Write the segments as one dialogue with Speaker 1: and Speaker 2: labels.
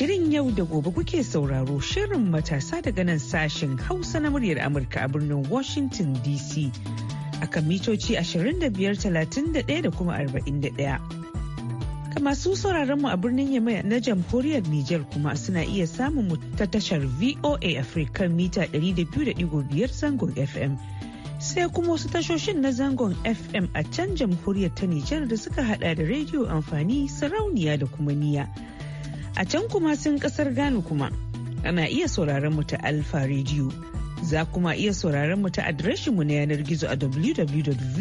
Speaker 1: Shirin yau da gobe kuke sauraro shirin matasa daga nan sashen Hausa na muryar Amurka a birnin Washington DC. a kan mitoci 25,31 da kuma 41. Kama su sauraron mu a birnin Yamai na jamhuriyar Nijar kuma suna iya samun ta tashar VOA Africa mita 200.5 zangon FM. sai kuma wasu tashoshin na zangon fm a can jamhuriyar ta nijar da suka hada da rediyo amfani sarauniya da kuma niya A can kuma sun kasar Ghana kuma ana iya sauraron mu ta Alfa Radio. Za kuma iya sauraron mu ta adireshin mu na yanar gizo a www.voahausa.com.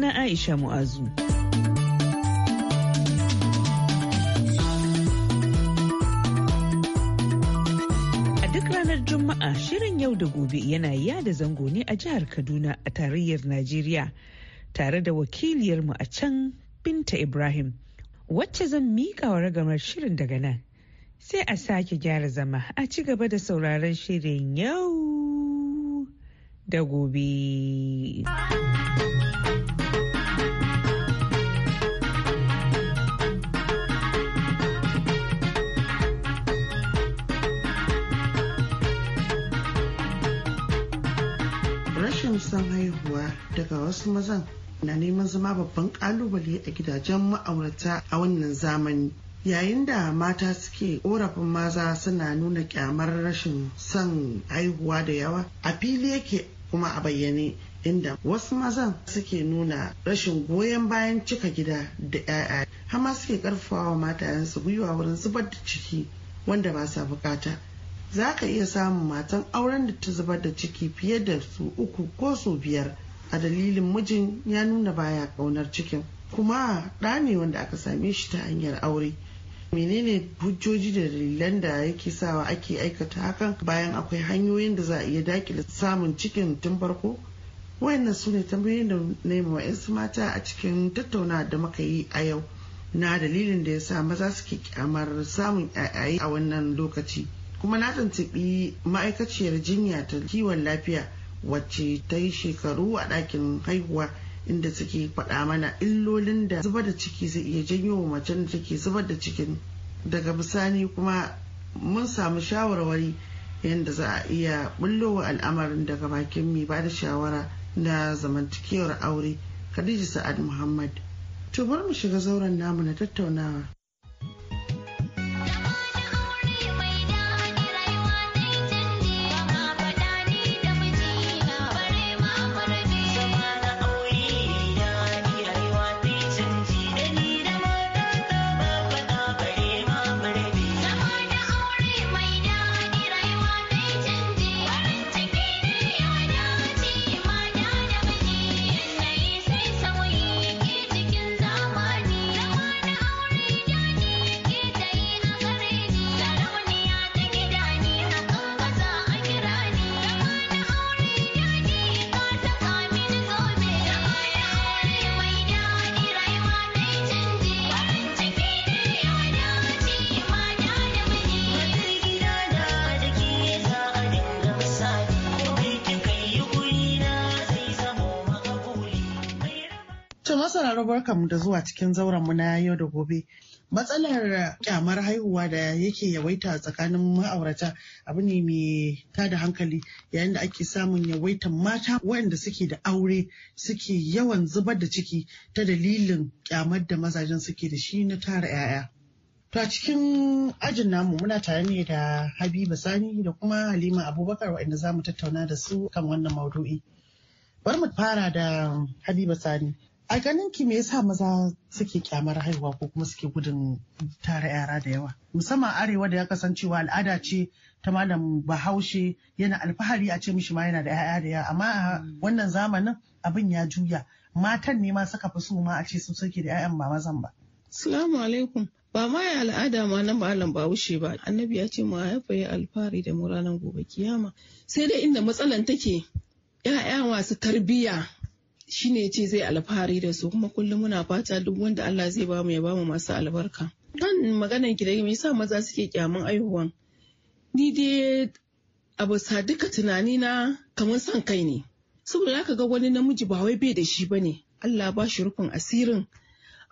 Speaker 1: na Aisha Mu'azu. ranar Juma'a shirin yau da gobe yana yada zango ne a jihar Kaduna a tarayyar Najeriya tare da wakiliyarmu a can Binta Ibrahim wacce zan mika wa ragamar shirin daga nan sai a sake gyara zama a ci gaba da sauraron shirin yau da gobe.
Speaker 2: Rashin son haihuwa daga wasu mazan na neman zama babban kalubale a gidajen ma'aurata a wannan zamani yayin da mata suke korafin maza suna nuna kyamar rashin son haihuwa da yawa a fili yake kuma a bayyane inda wasu mazan suke nuna rashin goyon bayan cika gida da 'ya'ya hama suke karfafawa matayensu gwiwa wurin zubar da ciki wanda ba sa bukata za ka iya samun matan auren da ta zubar da ciki fiye da su uku ko su biyar a dalilin mijin ya nuna baya ƙaunar cikin kuma ɗa ne wanda aka same shi ta hanyar aure menene hujjoji da dalilan da yake sawa ake aikata hakan bayan akwai hanyoyin da za a iya dakile samun cikin tun farko wayannan su ne tambayoyin da na wa 'yansu mata a cikin tattauna da muka yi a yau na dalilin da ya sa maza suke kyamar samun yayaye a wannan lokaci kuma na tuntuɓi ma'aikaciyar jinya ta kiwon lafiya wacce ta yi shekaru a ɗakin haihuwa inda suke faɗa mana illolin da zubar da ciki zai iya janyo wa macen da take zubar da cikin daga bisani kuma mun samu shawarwari yadda za a iya wa al'amarin daga bakin mai ba da shawara na zamantakewar aure khadija sa'ad muhammad to bar mu shiga zauren namu na tattaunawa sauraro barkamu da zuwa cikin zauren mu na yau da gobe. Matsalar kyamar haihuwa da yake yawaita tsakanin ma'aurata abu ne mai tada hankali yayin da ake samun yawaitar mata waɗanda suke da aure suke yawan zubar da ciki ta dalilin kyamar da mazajen suke da shi na tara 'ya'ya. To a cikin ajin namu muna tare ne da Habiba Sani da kuma Halima Abubakar waɗanda za mu tattauna da su kan wannan maudu'i. Bari mu fara da Habiba Sani. A ganin ki me yasa maza suke kyamar haihuwa ko kuma suke gudun tara yara da yawa? Musamman arewa da ya kasancewa al'ada ce ta malam bahaushe yana alfahari a ce mishi ma yana da 'ya'ya da yawa amma a mm. wannan zamanin abin ya juya matan ne ma suka fi so ma a ce su suke da 'ya'yan ba mazan ba. Salamu alaikum. Ba ma ya al'ada
Speaker 3: ma na malam bahaushe ba. Annabi ya ce mu haifa ya alfahari da muranan gobe kiyama. Sai dai inda matsalan take 'ya'ya masu tarbiyya shine ya ce zai alfahari da su kuma kullum muna fata duk wanda Allah zai mu ya bamu masu albarka. Kan maganan ki me yasa maza suke kyaman aihuwan? Ni dai a bisa duka tunani na kamar son kai ne. Saboda zaka ga wani namiji ba wai bai da shi bane. Allah ba shi rufin asirin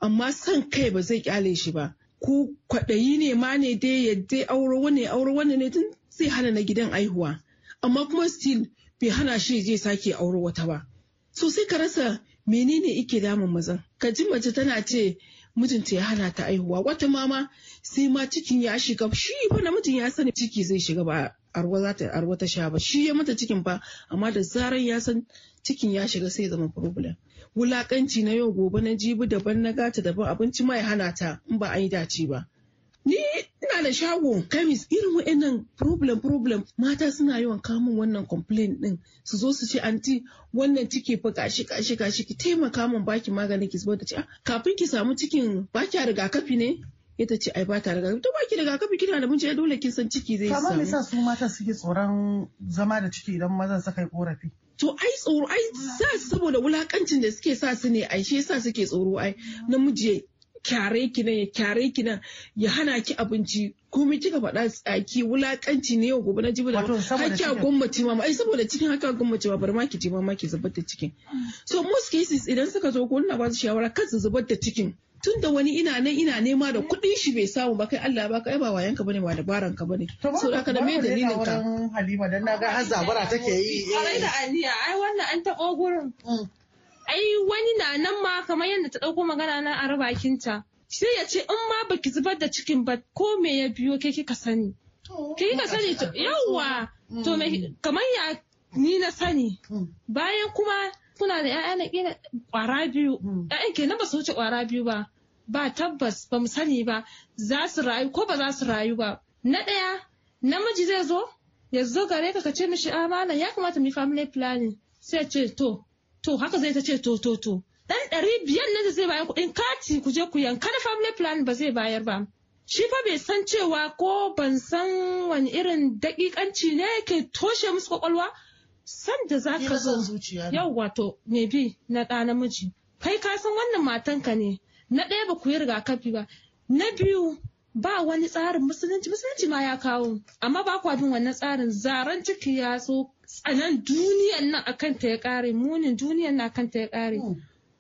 Speaker 3: amma son kai ba zai kyale shi ba. Ko kwaɗayi ne ma ne dai ya aure auro wani auro wani ne tun zai hana na gidan aihuwa. Amma kuma still bai hana shi je sake aure wata ba. so sai ka rasa menene ike damun mazan ka ji mace tana ce mijinta ya hana ta aihuwa wata mama sai ma cikin ya shiga shi fa namijin ya sani ciki zai shiga ba arwa za ta arwa ta sha ba shi ya mata cikin ba amma da zarar ya san cikin ya shiga sai zama problem wulakanci na yau gobe na jibi daban na gata daban abinci ma hana ta in ba an yi dace ba ina da shago kamis irin wa'annan problem problem mata suna yawan kamun wannan complain din su zo su ce anti wannan ciki fa kashi kashi kashi ki taimaka min baki maganin ki zubar da ci kafin ki samu cikin baki rigakafi ne ita ce ai ba ta rigakafi to baki rigakafi kina da mijin dole kin san ciki zai samu kamar me su
Speaker 2: mata suke tsoron zama da ciki idan mazan suka yi korafi
Speaker 3: to ai tsoro ai sa saboda wulakancin da suke sa su ne ai shi yasa suke tsoro ai namiji kyare ki nan ya kyare ki nan ya hana ki abinci komai kika faɗa tsaki wulakanci ne yau gobe na jibi da a gwammaci ma ai saboda cikin haka gwammaci ma bar ma ki je ma ki zubar da cikin so most cases idan suka zo ko ina ba su shawara kan su zubar da cikin tun da wani ina nan ina nema da kuɗin shi bai samu ba kai Allah ba kai ba wayanka bane ba dabaran ka bane so haka da me dalilin ka
Speaker 2: Halima dan naga har zabara take yi ai da
Speaker 4: aniya ai wannan an taɓo gurin mm. ai wani na nan ma kamar yadda ta ɗauko magana na a ta sai ya ce in ma baki zubar da cikin ba ko me ya biyo ke kika sani ke kika sani to yawa mm. to kamar ya ni na sani mm. bayan kuma kuna da ƴaƴa na kila ƙwara biyu mm. ƴaƴan kenan ba su wuce ƙwara biyu ba ba tabbas ba mu sani ba za su rayu ko ba za su rayu ba na ɗaya namiji zai zo ya zo gare ka ka ce mishi ah, amana ya kamata mu yi family planning sai ce to to haka zai ta ce to to to dan ɗari biyar nan da zai bayar kuɗin kati ku je ku yanka na family plan ba zai bayar ba shi fa bai san cewa ko ban san wani irin daƙiƙanci ne ke toshe musu kwakwalwa san da za ka zo yau wato me bi na ɗa namiji kai ka san wannan matanka ne na ɗaya ba ku yi rigakafi ba na biyu ba wani tsarin musulunci musulunci ma ya kawo amma ba kwa bin wannan tsarin zaren ciki ya zo tsanan duniyan nan akan ta ya kare munin duniyan nan akan ta ya kare hmm.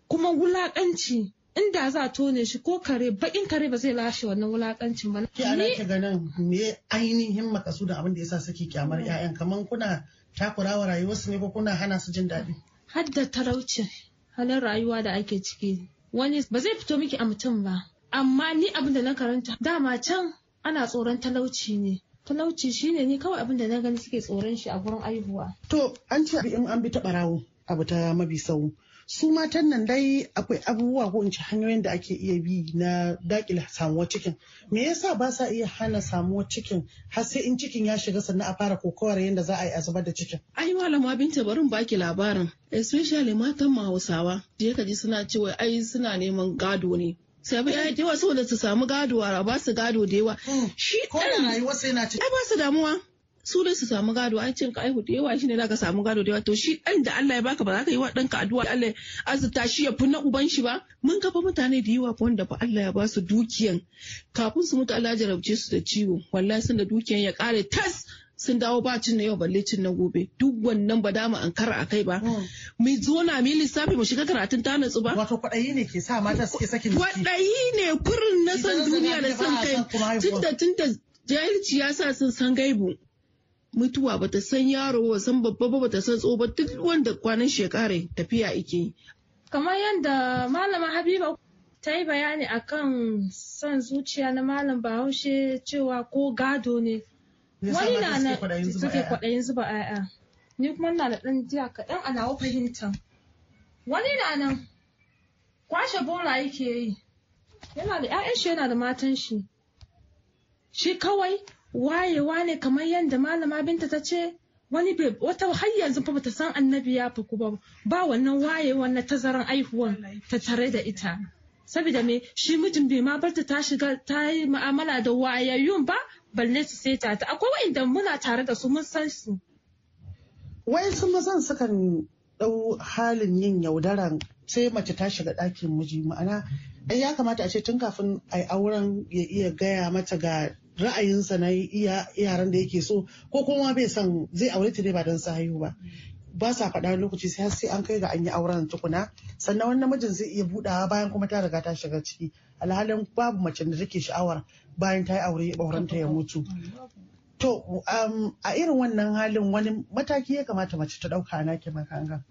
Speaker 4: kuma wulakanci inda za a tone shi ko kare bakin kare ba zai lashe wannan wulakancin ba
Speaker 2: ki ana ganin me ainihin makasu da abin da yasa saki kyamar hmm. ƴaƴan kaman kuna takurawa rayuwarsu ne ko kuna hana su jin daɗi har da talauci
Speaker 4: halin rayuwa da ake ciki wani ba zai fito miki a mutum ba amma ni abin da na karanta dama can ana tsoron talauci ne talauci shine ni kawai abin da na gani suke tsoron shi a gurin
Speaker 2: aihuwa to an ce in an bi ta barawo abu ta mabi sau su matan nan dai akwai abubuwa ko inci hanyoyin da ake iya bi na dakila samuwar cikin me yasa ba sa iya hana samuwar cikin har sai in cikin ya shiga sannan a fara kokowar yadda za a yi a zubar da cikin
Speaker 3: ai malama binta barin baki labarin especially matan hausawa je ka ji suna cewa ai suna neman gado ne sabi ya yi yawa saboda su samu gado a ba su gado da yawa hmm. shi ɗan ai ba su damuwa su da su samu gado an cin aihu da yawa shine zaka samu gado da yawa to shi ɗan da Allah ya baka ba za ka yi wa ɗanka addu'a Allah ya azurta shi ya fi na uban shi ba mun kafa mutane da yawa wanda ba Allah ya ba su dukiyan kafin su mutu Allah ya jarabce su da ciwo wallahi sun da dukiyan ya kare tas sun dawo ba na yau balle cin na gobe duk wannan ba dama an kara akai ba hmm. mu zona mu lissafi mu shiga karatun ta natsu ba wato kwaɗayi ne ke sa mata suke sakin kwadayi ne kurin na san duniya da san kai tunda tunda jahilci ya sa sun san gaibu mutuwa bata san yaro ba san babba ba bata san tsoba duk wanda kwanan shekara tafiya ike kamar yadda
Speaker 4: malama habiba ta yi bayani akan son zuciya na malam bahaushe cewa ko gado ne wani na na suke kwaɗayin zuba 'ya'ya ni kuma na da ɗan jiya kaɗan a nawa fahimtar wani na nan kwashe bora yake yi yana da 'ya'yan shi yana da matan shi shi kawai wayewa ne kamar yadda malama binta ta ce wani bai wata har yanzu ba ta san annabi ya faku ba ba wannan wayewar na tazaran aihuwan ta tare da ita saboda me shi mijin bai ma bar ta ta shiga ta yi mu'amala da wayayyun ba balle su seta ta akwai wa'inda muna tare da su mun san su
Speaker 2: Wai wayansu mazan sukan ɗau halin yin yaudaran sai mace ta shiga ɗakin miji ma'ana ai ya kamata a ce tun kafin a auren ya iya gaya mata ga ra'ayinsa na iya yaran da yake so ko kuma bai son zai aure ta ne ba don haihu ba ba sa faɗa lokaci sai sai an kai ga an yi auren tukuna sannan wani namijin zai iya buɗawa bayan kuma ta riga ta shiga ciki alhalin babu mace da take sha'awar bayan ta yi aure aurenta ya mutu to um, a irin wannan halin wani mataki ya kamata mace ta ɗauka na ke makanga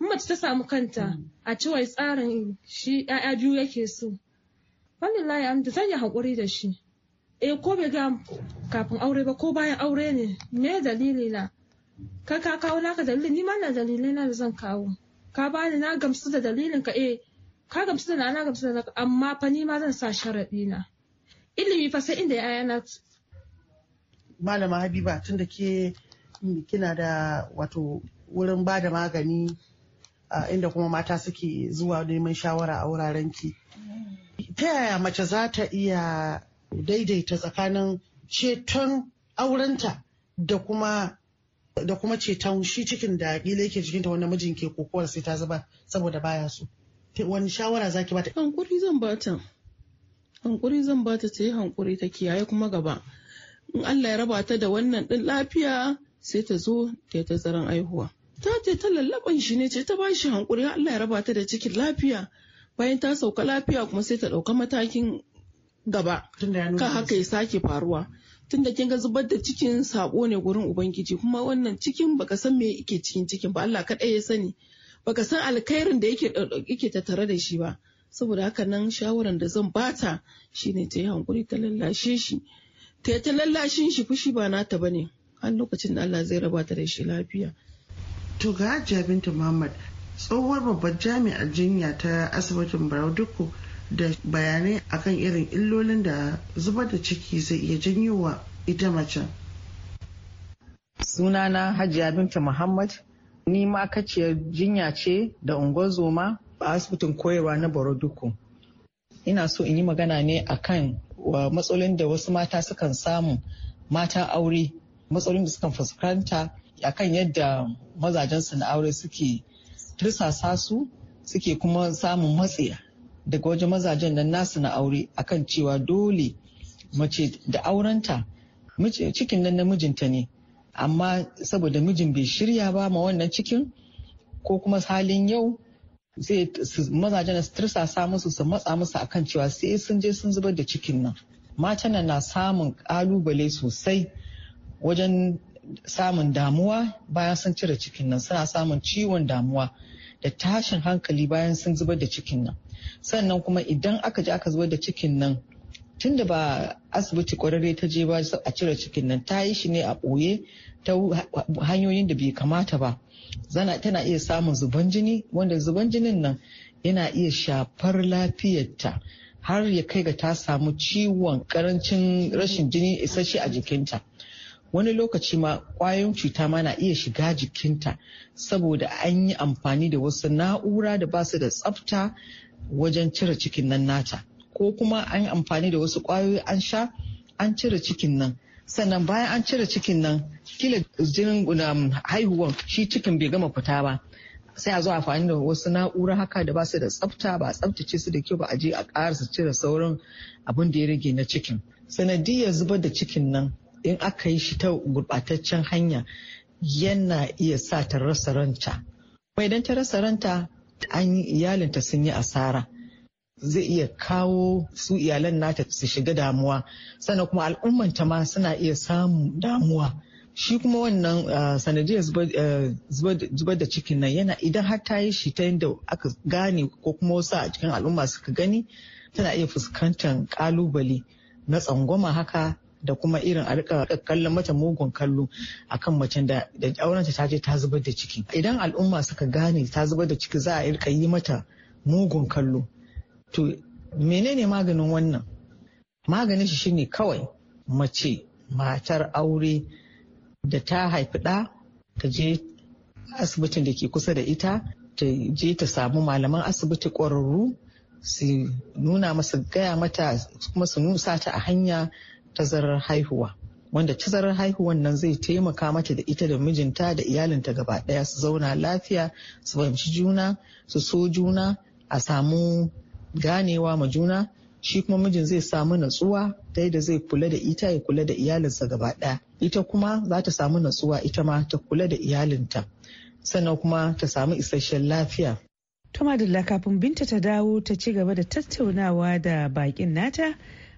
Speaker 4: mace ta samu kanta a cewa tsarin shi ya'ya biyu yake so wallahi amda zan yi haƙuri da shi eh ko bai ga kafin aure ba ko bayan aure ne me dalili na kai ka kawo naka dalilin ni ma na dalilai na da zan kawo ka bani na gamsu da dalilin ka eh ka gamsu da na na gamsu da amma fa ni ma zan sa sharaɗi na ilimi fa sai inda
Speaker 2: 'ya'yana na malama habiba tunda ke kina da wato wurin ba da magani a inda kuma mata suke zuwa neman shawara a wuraren ki. Ta yaya mace za ta iya daidaita tsakanin ceton aurenta da kuma da kuma ta shi cikin da kila yake ta wanda mijin ke kokowar sai ta zuba saboda baya so wani shawara zaki bata hankuri zan bata hankuri zan bata ta yi hankuri ta kiyaye
Speaker 3: kuma gaba in Allah ya raba ta da wannan din lafiya sai ta zo ta ta zaran aihuwa ta ce ta lallaban shi ne ce ta ba shi hankuri Allah ya raba ta da cikin lafiya bayan ta sauka lafiya kuma sai ta ɗauka matakin gaba ka haka ya sake faruwa tunda kin ga zubar da cikin sabo ne gurin ubangiji kuma wannan cikin baka san me yake cikin cikin ba Allah kaɗai ya sani baka san alkhairin da yake yake tattare da shi ba saboda haka nan shawaran da zan bata shine ta yi hankuri ta lallashe shi ta ta lallashin shi fushi ba nata bane har lokacin da Allah zai rabata da shi lafiya
Speaker 2: to ga Hajiya Binta Muhammad tsohuwar babbar jami'ar jinya ta asibitin Barau Dukku da bayanai akan irin illolin da zubar da ciki
Speaker 5: zai iya janyo wa ita mace sunana hajiya binta muhammad ni makaciyar jinya ce da ungozoma a asibitin koyarwa na baroduku ina so in yi magana ne akan wa matsalolin da wasu mata sukan samu mata aure matsalolin da sukan fuskanta akan yadda mazajensu na aure suke tirsasa su suke kuma samun matsiya daga wajen mazajen nan nasu na aure akan cewa dole mace da aurenta cikin nan namijinta ne amma saboda mijin bai shirya ba ma wannan cikin ko kuma halin yau zai mazajen su tursasa musu su matsa musu akan cewa sai sun je sun zubar da cikin nan matan na samun kalubale sosai wajen samun damuwa bayan sun cire cikin nan suna samun ciwon damuwa da tashin hankali bayan sun zubar da cikin nan sannan kuma idan aka je aka zubar da cikin nan tun da ba asibiti kwararre ta je ba a cire cikin nan ta yi shi ne a ɓoye ta hanyoyin da bai kamata ba zana tana iya samun zuban jini wanda zuban jinin nan yana iya shafar lafiyarta har ya kai ga ta samu ciwon karancin rashin jini isasshe a jikinta wani lokaci ma kwayoyin cuta ma na iya shiga jikinta saboda an yi amfani da wasu na'ura da ba su da tsafta wajen cire cikin nan nata ko kuma an yi amfani da wasu kwayoyi an sha an cire cikin nan sannan bayan an cire cikin nan kila jinin um, haihuwan shi cikin bai gama fita ba sai a zo amfani da wasu na'ura haka da ba su da tsafta ba a tsaftace su da kyau ba a je a ƙara su cire sauran abin da ya rage na cikin sanadiyar zubar da cikin nan in aka yi shi ta gurbataccen hanya yana iya sa ta rasa ranta. Kuma idan ta rasa ranta an yi iyalinta sun yi asara. Zai iya kawo su iyalan nata su shiga damuwa sannan kuma al'ummanta ma suna iya samun damuwa. Shi kuma wannan ah, sanadiyar eh, zubar da cikin nan yana idan har ta yi shi ta yadda aka gane ko kuma wasu a cikin al'umma suka gani tana iya fuskantar kalubale na tsangwama haka da kuma irin a rika kallon mata mugun kallo akan macen da da aurenta ta je ta zubar da ciki idan al'umma suka gane ta zubar da ciki za a rika yi mata mugun kallo to menene maganin wannan maganin shi shine kawai mace matar aure da ta haifi ɗa ta je asibitin da ke kusa da ita ta je ta samu malaman asibiti ƙwararru su nuna masa gaya mata kuma su nusa ta a hanya tazarar haihuwa wanda tazarar haihuwan nan zai taimaka mata da ita da mijinta da iyalinta gaba daya su zauna lafiya su fahimci juna su so juna a samu ganewa ma juna shi kuma mijin zai samu natsuwa ta yadda zai kula da ita ya kula da iyalinsa gaba daya ita kuma za ta samu natsuwa ita ma ta kula da iyalinta sannan kuma ta samu isasshen lafiya
Speaker 1: Tuma da kafin binta ta dawo ta ci gaba da tattaunawa da bakin nata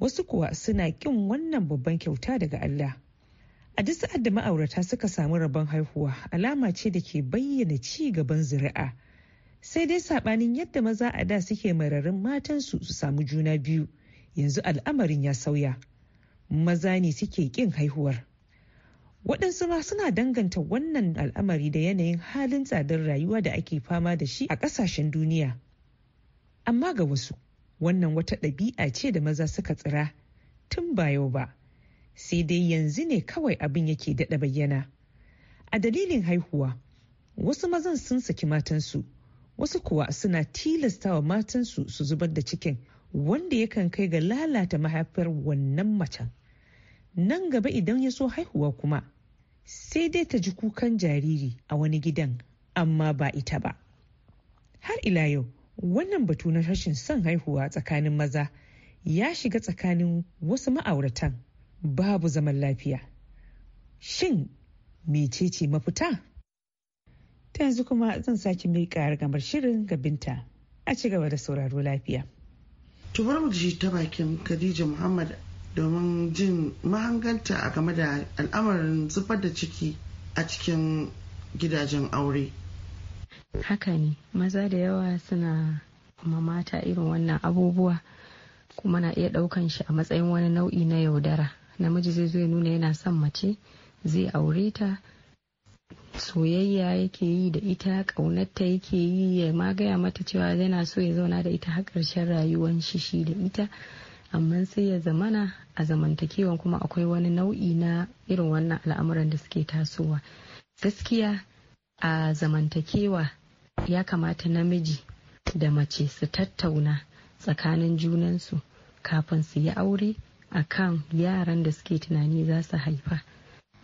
Speaker 1: wasu kuwa suna kin wannan babban kyauta daga Allah. A duk sa'ad da ma'aurata suka samu rabon haihuwa alama ce da ke bayyana ci gaban zuri'a. Sai dai saɓanin yadda maza a da suke mararin matansu su samu juna biyu yanzu al'amarin ya sauya. Maza ne suke kin haihuwar. Waɗansu ma suna danganta wannan al'amari da yanayin halin tsadar rayuwa da ake fama da shi a ƙasashen duniya. Amma ga wasu, wannan wata ɗabi'a ce da maza suka tsira tun ba yau ba sai dai yanzu ne kawai abin yake daɗa bayyana a dalilin haihuwa wasu mazan sun saki matansu wasu kuwa suna tilasta wa matansu su zubar da cikin wanda yakan kai ga lalata mahaifar wannan macen nan gaba idan ya so haihuwa kuma sai dai ta ji kukan jariri a wani gidan amma ba ita ba har ila yau wannan batu na rashin son haihuwa tsakanin maza ya shiga tsakanin wasu ma'auratan babu zaman lafiya shin mecece mafita ta yanzu kuma zan sake miƙa gamar shirin ga binta a ci gaba da sauraro lafiya to mu ji ta bakin khadija muhammad domin jin mahanganta a game da al'amarin
Speaker 2: zubar da ciki a cikin gidajen aure
Speaker 6: haka ne maza da yawa suna mamata irin wannan abubuwa kuma na iya ɗaukan shi a matsayin wani nau'i na yaudara namiji zai zo ya nuna yana son mace zai aure ta soyayya yake yi da ita ƙaunarta yake yi ya magaya mata cewa yana so ya zauna da ita har ƙarshen rayuwan shi da ita amma sai ya zamana a zamantakewan kuma akwai wani nau'i na irin wannan al'amuran da suke tasowa gaskiya a zamantakewa ya kamata namiji da mace su tattauna tsakanin junansu kafin su yi aure kan yaran da suke tunani za su haifa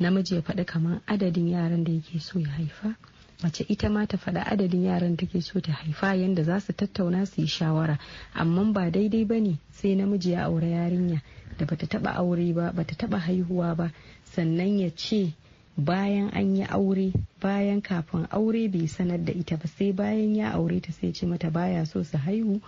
Speaker 6: namiji ya faɗi kamar adadin yaran da yake so ya haifa mace ita ma ta faɗa adadin yaran take so ta haifa yadda za su tattauna su yi shawara amma ba daidai ba ne sai namiji ya aure yarinya da bata taba aure ba bata taɓa haihuwa ba sannan ya ce bayan an yi aure bayan kafin aure bai sanar da ita ba sai bayan ya aure ta sai ce mata baya so su haihu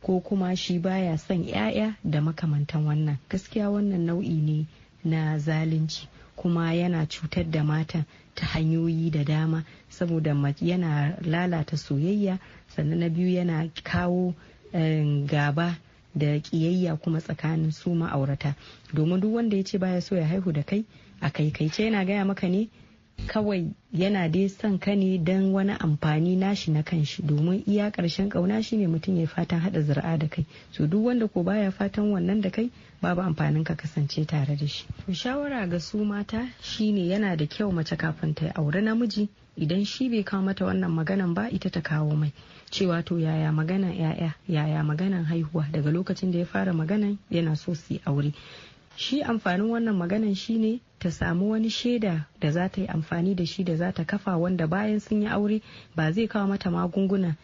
Speaker 6: ko kuma shi baya son 'ya'ya da makamantan wannan gaskiya wannan nau'i ne na zalunci kuma yana cutar da mata ta hanyoyi da dama saboda yana lalata soyayya sannan na biyu yana kawo eh, gaba da kiyayya kuma tsakanin su ma'aurata domin duk wanda ya ce baya so ya haihu da kai a kaikaice yana gaya maka ne kawai yana dai son ka ne don wani amfani nashi na kanshi domin iya karshen kauna shine mutum ya fatan hada zira'a da kai so duk wanda ko baya fatan wannan da kai babu amfanin ka kasance tare da shi shawara ga su mata shine yana da kyau mace kafin ta aure namiji idan shi bai kawo mata wannan maganan ba ita ta kawo mai cewa to yaya maganan yaya yaya maganan haihuwa daga lokacin da ya fara maganan yana so su yi aure shi amfanin wannan maganan shine ta samu wani shaida da za ta yi amfani da shi da za ta kafa wanda bayan sun yi aure ba zai kawo mata magunguna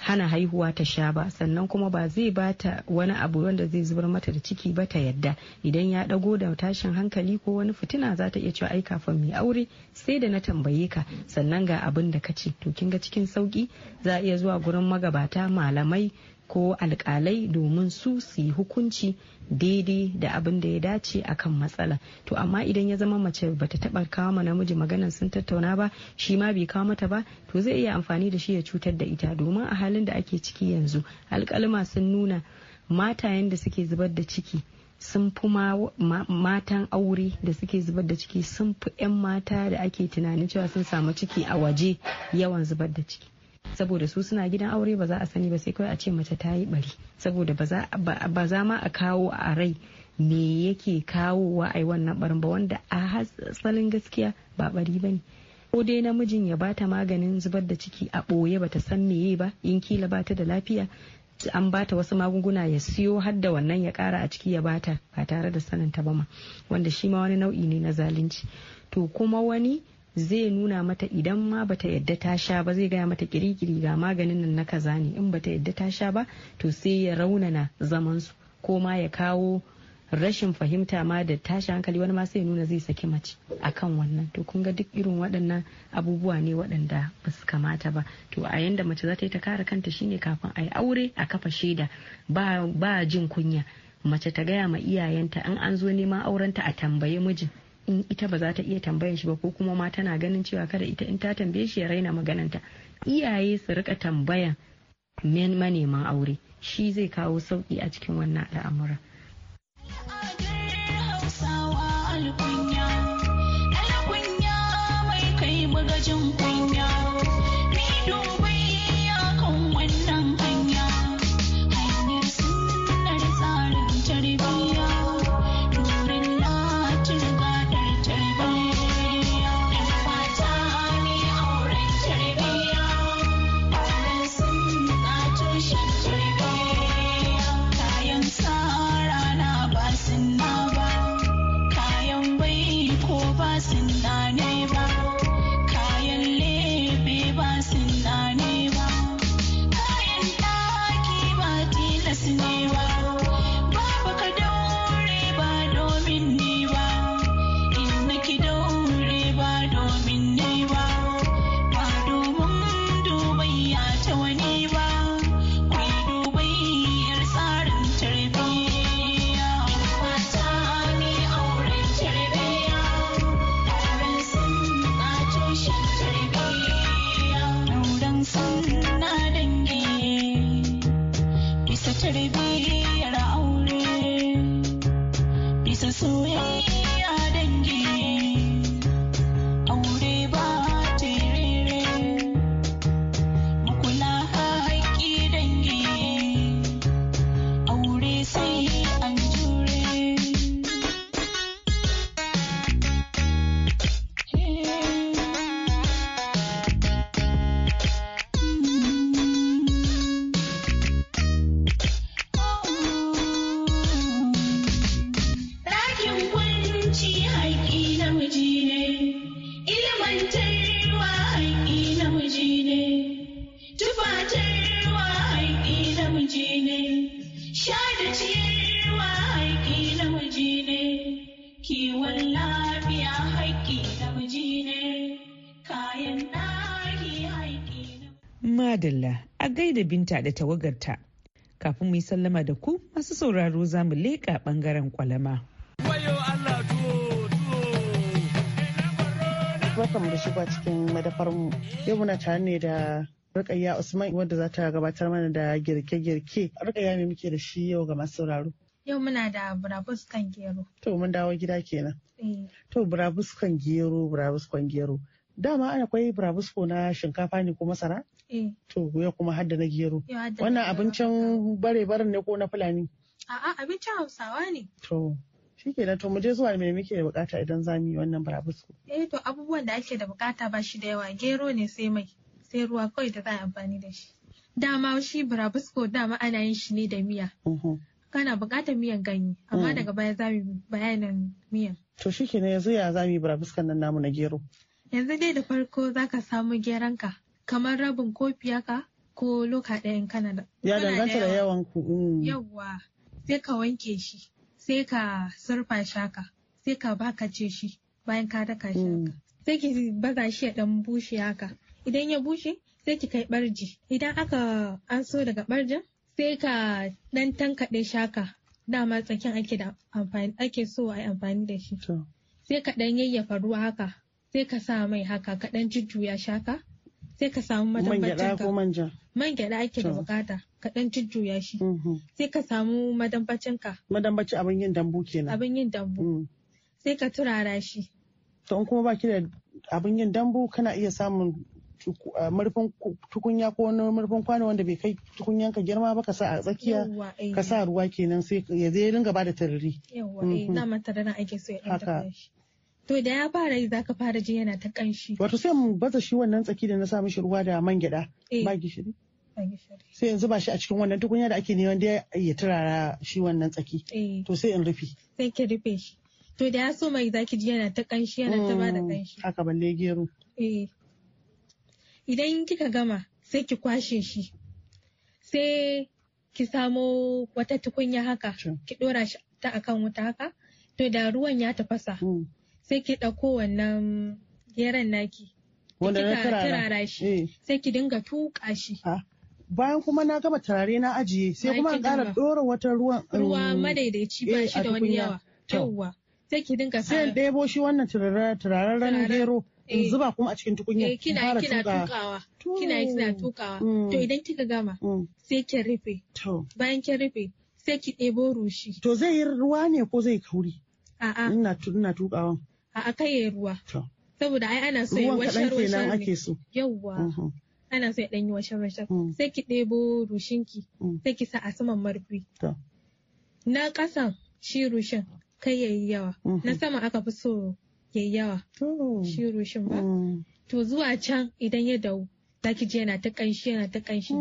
Speaker 6: hana haihuwa ta sha ba sannan kuma ba zai bata wani abu wanda zai zubar mata da ciki ba ta yadda idan ya dago da tashin hankali ko wani fitina za ta iya cewa ai kafin mai aure sai da na tambaye ka sannan ga abin da ka ce to kin ga cikin sauki za a iya zuwa gurin magabata malamai ko alkalai domin su su yi hukunci daidai da abin da ya dace akan matsala to amma idan ya zama mace bata taba kawo ma namiji maganan sun tattauna ba shi ma bai kawo mata ba to zai iya amfani da shi ya cutar da ita domin a halin da ake ciki yanzu alkalma sun nuna mata da suke zubar da ciki sun fi matan aure da suke zubar da ciki sun fi 'yan mata da ake tunanin cewa sun samu ciki a waje yawan zubar da ciki saboda su suna gidan aure ba za a sani ba sai kawai a ce mace ta yi bari saboda ba za ma a kawo a rai me yake kawowa ai wannan barin ba wanda a hasalin gaskiya ba bari ba ne ko dai namijin ya bata maganin zubar da ciki a ɓoye ba ta san meye ba in kila bata da lafiya an bata wasu magunguna ya siyo har da wannan ya kara a ciki ya bata ba tare da sanin ba ma wanda shi ma wani nau'i ne na zalunci to kuma wani zai nuna mata idan ma bata yadda ta sha ba zai gaya mata kirikiri ga maganin nan na kaza ne in bata yadda ta sha ba to sai ya raunana zaman su ko ma ya kawo rashin fahimta ma da tashi hankali wani ma sai nuna zai saki mace akan wannan to kun ga duk irin waɗannan abubuwa ne waɗanda ba su kamata ba to a yanda mace za ta yi ta kare kanta shine kafin a yi aure a kafa shaida ba jin kunya mace ta gaya ma iyayenta in an zo neman aurenta a tambaye mijin in ita ba za ta iya tambayan shi ba ko kuma ma tana ganin cewa kada ita in ta tambaye shi ya raina magananta iyaye su rika tambayan men maneman aure shi zai kawo sauki a cikin wannan al'amura.
Speaker 7: Alkunya mai kai magajin
Speaker 1: a gaida binta da tawagarta. Kafin mu yi sallama da ku masu sauraro za mu leƙa ɓangaren kwalama.
Speaker 2: Barkan da shiga cikin madafarmu. Yau muna tare ne da Rukayya Usman wadda za ta gabatar mana da girke-girke. Rukayya ne muke da shi yau ga masu sauraro. Yau muna
Speaker 8: da burabus kan gero.
Speaker 2: To mun dawo gida kenan. Eh. To burabus kan gero, burabus kan gero. Dama ana akwai ko na shinkafa ne ko masara? Eh. To ya kuma hadda na gero. Wannan abincin bare-baren ne ko na Fulani?
Speaker 8: A'a abincin Hausawa ne.
Speaker 2: To. shi ke to mu je zuwa me muke da bukata idan za mu yi wannan barabusku.
Speaker 8: eh to abubuwan da ake da bukata ba shi da yawa gero ne sai mai sai ruwa kawai da za a amfani da shi dama shi barabusku dama ana yin shi ne da miya mm-hmm. kana bukatar miyan ganye amma mm. daga baya za mu bayanin miyan
Speaker 2: to shi kenan yanzu ya za mu yi barabuskan nan namu na gero
Speaker 8: yanzu dai da farko za ka samu ka. kamar rabin kofi haka ko loka ɗayan kana ya danganta da
Speaker 2: yawan ku mm. yawa
Speaker 8: sai ka wanke shi sai ka surfa shaka haka sai ka baka ce shi bayan ka daka shi mm. sai ki baza shi ya dan bushe haka idan ya bushe sai ki kai barji idan aka an so daga barjin sai ka dan tankaɗe shi dama tsakin ake da amfani ake so a yi amfani da shi sai ka dan yayyafa ruwa haka sai ka sa mai haka ka dan jujjuya shaka. sai ka samu madambacin ka man gyada ake da bukata ka dan jujjuya shi mm-hmm. sai ka samu madambacin ka
Speaker 2: madambaci abin yin dambu kenan
Speaker 8: abin yin dambu mm. sai ka turara shi
Speaker 2: to in kuma baki da abin yin dambu kana iya samun eh, murfin tukunya ko wani murfin kwano wanda bai kai tukunyan ka girma ba ka sa a tsakiya eh. ka sa ruwa kenan sai ya zai ringa ba da tarari
Speaker 8: yawa eh na mm-hmm. matarana ake so ya dan shi To da ya fara yi zaka fara ji yana ta kanshi. Wato
Speaker 2: sai mu baza shi wannan tsaki da na sa mishi ruwa da man gyada eh. ba gishiri. Sai yanzu ba shi a cikin wannan tukunya da ake neman da ya turara shi wannan tsaki. Eh. To sai in rufe.
Speaker 8: Sai ki rufe shi. To da ya so mai zaki ji yana ta kanshi yana ta ba da
Speaker 2: kanshi. Mm, haka balle gero.
Speaker 8: Eh. Idan kika gama sai ki kwashe shi. Sai ki samo wata tukunya haka ki dora shi ta akan wuta haka. To da ruwan ya tafasa. Mm. sai ki ɗauko wannan geran naki wanda na tarara shi eh. sai ki dinga tuƙa shi ah.
Speaker 2: bayan kuma na gama tarare na ajiye sai kuma an ƙara ɗora wata ruwan um, ruwa madaidaici
Speaker 8: ba eh, shi da wani yawa yawwa sai ki dinga sai
Speaker 2: ɗebo shi wannan turararen gero in eh. zuba kuma a cikin tukunya kina kina tukawa
Speaker 8: kina kina tukawa mm. to idan kika gama mm. sai ki rufe bayan ki rufe sai ki ɗebo rushi to zai yi
Speaker 2: ruwa ne ko zai kauri a'a ina tukawan a kai ruwa saboda ai ana so ya washe washar ake ne,
Speaker 8: yawwa mm-hmm. ana so ya dan yi washe washe. Mm. sai ki ɗebo rushinki mm. sai ki sa a saman marfi na ƙasan shi rushin kai yayi yawa mm-hmm. na sama aka fi so yayi yawa shi rushin ba mm. to zuwa can idan ya dawo zaki je yana ta ƙanshi yana ta ƙanshi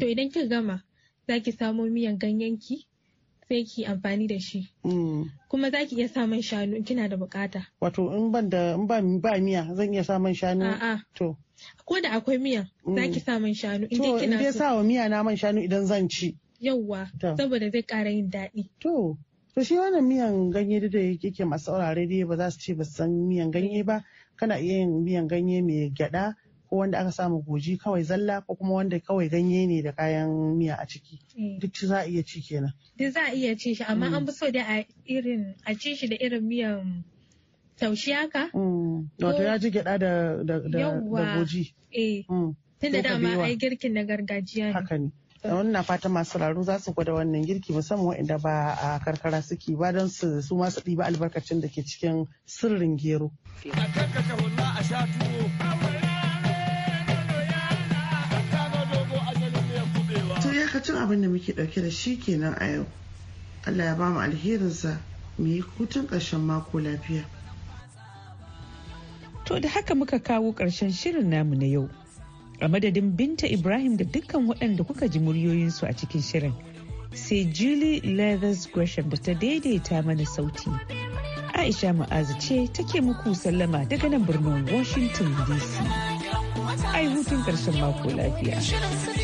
Speaker 8: to idan kika gama zaki samo miyan ganyenki sai ki amfani da shi. Mm. Kuma za ki iya sa man shanu in kina da bukata.
Speaker 2: Wato in ban da in ba ba miya zan iya sa man shanu. A'a. To. Ko da akwai miya mm. za ki sa
Speaker 8: man shanu in dai kina so. To in dai sawa
Speaker 2: miya na man shanu idan zan ci.
Speaker 8: Yawwa saboda zai ƙara yin daɗi.
Speaker 2: To. To shi wannan miyan ganye da yake masu saurare dai ba za su ce ba san miyan ganye ba kana iya yin miyan ganye mai gyada ko wanda aka samu goji kawai zalla ko kuma wanda kawai ganye ne da kayan miya a ciki eh. duk za a iya ci kenan
Speaker 8: duk za a iya ci shi amma an fi so da a irin a ci shi da irin miyan
Speaker 2: taushi haka mm. wato ya ji gyada da da goji eh mm. tunda dama ai
Speaker 8: girkin na gargajiya
Speaker 2: ne haka ne wannan na fata masu raro za su gwada wannan girki musamman waɗanda ba a karkara suke ba don su su masu ɗiba albarkacin da ke cikin sirrin gero.
Speaker 6: A karkata a sha tuwo.
Speaker 2: iyakacin abin da muke dauke da shi kenan a yau allah ya ba mu alherinsa
Speaker 1: mu yi hutun ƙarshen mako lafiya to da haka muka kawo ƙarshen shirin namu na yau a madadin binta ibrahim da dukkan waɗanda kuka ji muryoyinsu a cikin shirin sai julie leathers gresham da ta daidaita mana sauti aisha ma'azu ce take muku sallama daga nan birnin washington dc ai hutun ƙarshen mako lafiya